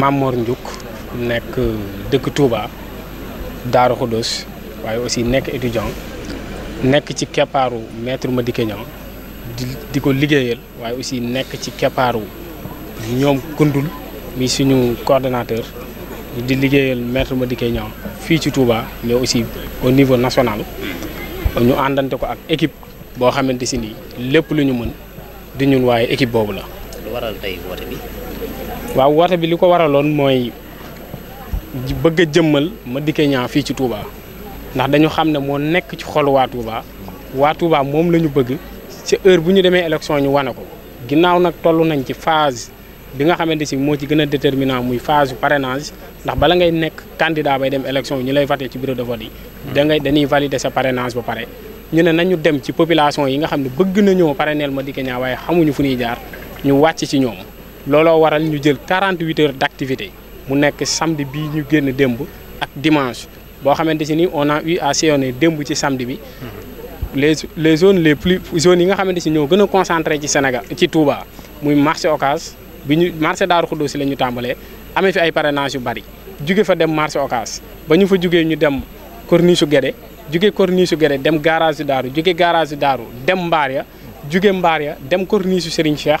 Mamor Ndiouk nekk dëkk Touba Daaru Xudoos waaye aussi nekk étudiant nekk ci keppaaru maître Madické Niang di di ko liggéeyal waaye aussi nekk ci keppaaru ñoom kundul mi suñu coordonnateur di liggéeyal maître Madické Niang fii ci Touba mais aussi au niveau national ñu àndante ko ak équipe boo xamante si nii lépp lu ñu mën di ñun waaye équipe boobu la lu waral tey waaw woote bi li ko waraloon mooy bëgg a jëmmal Madické Niang fii ci Touba ndax dañu xam ne moo nekk ci xolu waa Touba waa Touba moom la ñu bëgg si heure bu ñu demee élection ñu wane ko ginnaaw nag toll nañ ci phase bi nga xamante si moo ci gën a déterminant muy phase parrainage ndax bala ngay nekk candidat bay dem élection ñu lay fatee ci bureau de vote yi. Hmm. da ngay dañuy valider sa parrainage ba pare. ñu ne nañu dem ci population yi nga xam ne bëgg nañoo parrainel Madické Niang waaye xamuñu fu ñuy jaar. Nous wàcc ci ñoom looloo waral ñu jël 48 heures d'activité. mu nekk samedi bi ñu genn demb ak dimanche bo xamanteni si on a eu à sillonner demb ci samedi bi les les zones les plus zones yi nga xamanteni ñoo gëna concentré ci Sénégal ci Touba muy marché Ocass bi ñu marché daru Xuddoosi ci lañu tambalé amé fi ay parrainage yu bari jóge fa dem marché Ocass ba ñu fa jógee ñu dem corniche Guédé jóge corniche Guédé dem garage daru jóge garage daru dem Mbaar ya jóge Mbaar ya dem corniche Serigne Cheikh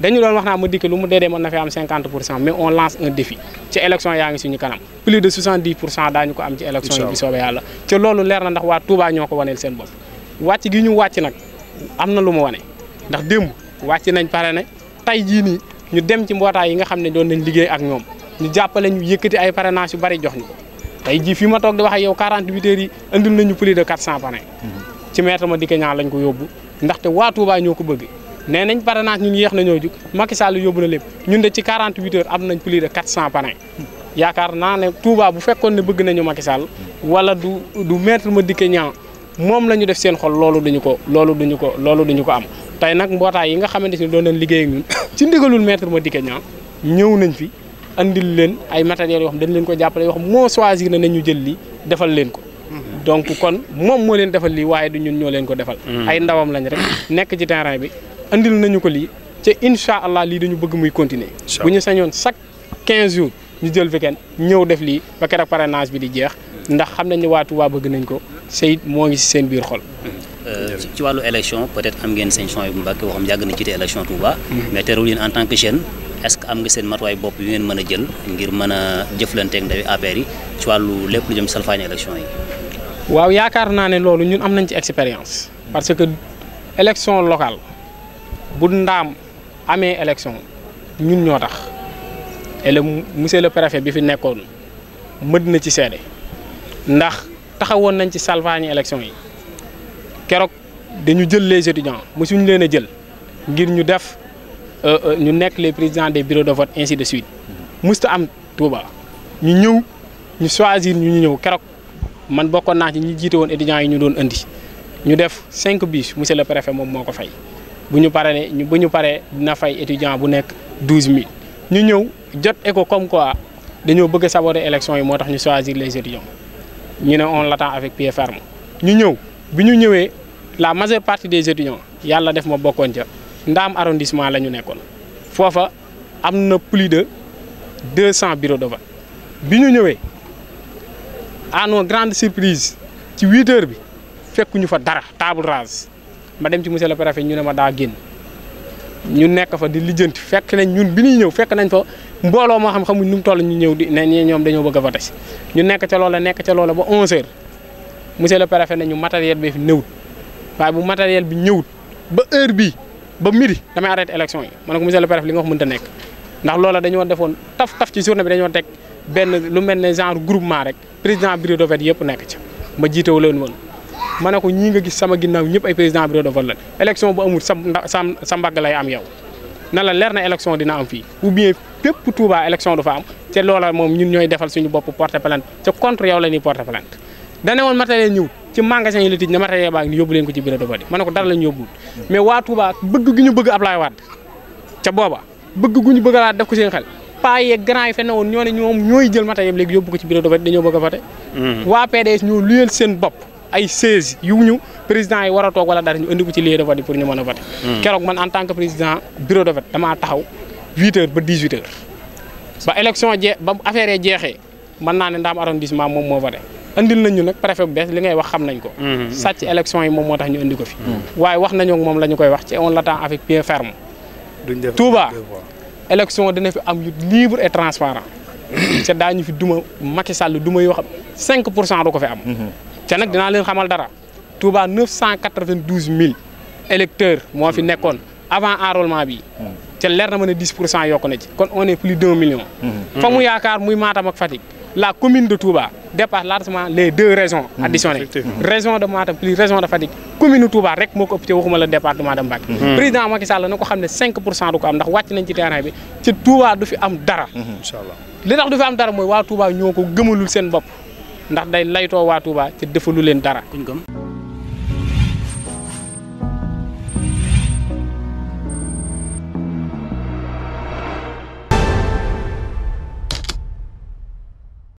dañu doon wax na ma dikk lu mu dédé dee na fi am 50 mais on lance un défi ci élection yaangi suñu kanam plus de 70 dañu ko am ci élection yi bi soobee yalla ci loolu lér na ndax wa Touba ñoko ko waneel seen bopp wàcc gi ñu wacc nak amna lu mu wané ndax dem wacc nañ paré né tay ji ni ñu dem ci mbootaay yi nga xamné doon nañ liggéey ak ñom ñu jàppale ñu yëkëti ay parrainage yu bari jox ñu tay ji fi ma tok di wax yow 48 heures yi andil nañu plus de 400 parrain mhm. ci maître ma dikk ñaan lañ ko yobbu ndax té wa Touba ñoko bëgg nee nañ parrainage ñun yeex nañoo jug Macky Sall yóbbu na lépp ñun de ci 48 heures am nañ plus de 400 parrain yaakaar naa ne Touba bu fekkoon ne bëgg nañu Macky Sall wala du du ma Madické Niang moom la ñu def seen xol loolu duñu ko loolu duñu ko loolu duñu ko am tey nag mbootaay yi nga xamante ni doon nañ liggéey ak ñun ci ndigalul maître Madické Niang ñëw nañ fi andil leen ay matériels yoo xam dañ leen ko jàppale yoo xam moo choisir na ñu jël lii defal leen ko mm-hmm. donc kon moom moo leen defal lii waaye du ñun ñoo leen ko defal mm. ay ndawam lañ rek nekk ci terrain bi andil nañu ko li te inshallah li dañu bëgg muy continuer bu ñu sañoon chaque 15 jours ñu jël weekend ñëw def li ba keroog parrainage bi di jeex ndax xam nañ ne waa Touba bëgg nañ ko Seyid moo ngi si seen biir xol. Euh, ci walu élection peut-être am ngeen seen son bu Mbàkke waxam yag na ci té élection Touba. Mm-hmm. mais té yéen en tant que jeune est-ce que am nga seen matuwaay bop yu ngeen mëna jël ngir mëna a jëflanteeg ndawi APR yi ci walu lépp lu jëm salfaañe élection yi. waaw yaakaar naa ne loolu ñun am nañ ci expérience. parce que élection locale bu ndaam amee élection ñun ñoo tax et le monsieur le préfet bi fi nekkoon mën na ci seede ndax taxawoon nañ ci salvagne élection yi kérok dañu jël les étudiants mu suñu leena jël ngir ñu def euh, euh ñu nekk les présidents des bureaux de vote ainsi de suite musta am Touba ñu ñëw ñu choisir ñu ñu ñëw keroog man bokkoon na ci ñi jité won étudiants yi ñu doon andi ñu def 5 bis monsieur le préfet mom moko fay nous paré né de paré ñu dina fay étudiant bu nek 12000 ñu ñëw jot éco comme quoi dañu bëgg a saboter élection yi ñu choisir les étudiants ñu l'attendons on avec pied ferme ñu ñëw biñu ñëwé la majeure partie des étudiants yalla def ma bokkon ja ndam arrondissement la ñu nekkoon plus de 200 bureaux de vote biñu ñëwé à nos grandes surprises ci 8 heures bi fekkuñu fa dara table rase ma dem ci monsieur le préfet ñu ne ma daa génn ñu nekk fa di lijjanti fekk nañ ñun bi ñuy ñëw fekk nañ fa mbooloo moo xam xamuñ nu mu toll ñu ñëw di ne ñoom dañoo bëgg a voté ñu nekk ca loola nekk ca loola ba 11h monsieur le préfet nañu matériel bi fi ñëwut waaye bu matériel bi ñëwut ba heure bii ba midi damay arrêté élection yi ma ne ko monsieur li nga wax mënta nekk. ndax loola dañoo defoon taf taf ci journée bi dañoo teg benn lu mel ne genre groupement rek président bureau do vote yëpp nekk ca ma jiite wu woon. ma ne ko ñii nga gis sama ginnaaw ñëpp ay président bureau de vote la élection bu amul sa sa mbagg lay am yow na la leer na élection dina am fii ou bien bépp Touba élection du fa am te loola moom ñun ñooy defal suñu bopp porte plainte te contre yow la ñuy porte plainte dane woon matériel ñëw ci magasin yi la tij ne matériel baa ngi yóbbu ko ci bureau de vote ma ne ko dara lañu yóbbuwul mais waa Touba bëgg gi bëgg Ablaye Wade ca booba bëgg gu ñu bëgg laa def ko seen xel paa yeeg grand ñoo ne ñoom ñooy jël matériel yóbbu ko ci bureau de vote hmm. seen bopp ay seize président a wala de vote pour ñu hmm. en tant que président bureau de vote dama taxaw 8 heures ba 18 h ba élection ba affaire man de arrondissement voté andil nañ ñu préfet bu li ngay wax xam nañ ko. Hmm. élection yi ñu andi ko fi. Hmm. on avec pied ferme. duñ def Touba élection dina fi libre et transparent. C'est dañu fi duma Macky 5 te nag dinaa leen xamal dara Touba 992000 électeurs mo fi nekkone avant enrôlement bi té leer na 10 pour na ci kon on est plus de un million. famu mu muy Matam ak fatik la commune de Touba dépasse largement les deux raisons mhm. additionnées Raison de Matam plus région de fatik commune de Touba rek moko ko ëpp waxuma le département de Mbacké mhm. président Macky Sall na ko 5 du ko am ndax wacc nañ ci terrain bi ci Touba du fi am dara. Mhm. inshallah li tax du fi am dara moy wa Touba ñoko ko sen bop ndax day laytoo waa Touba ci defalu leen dara.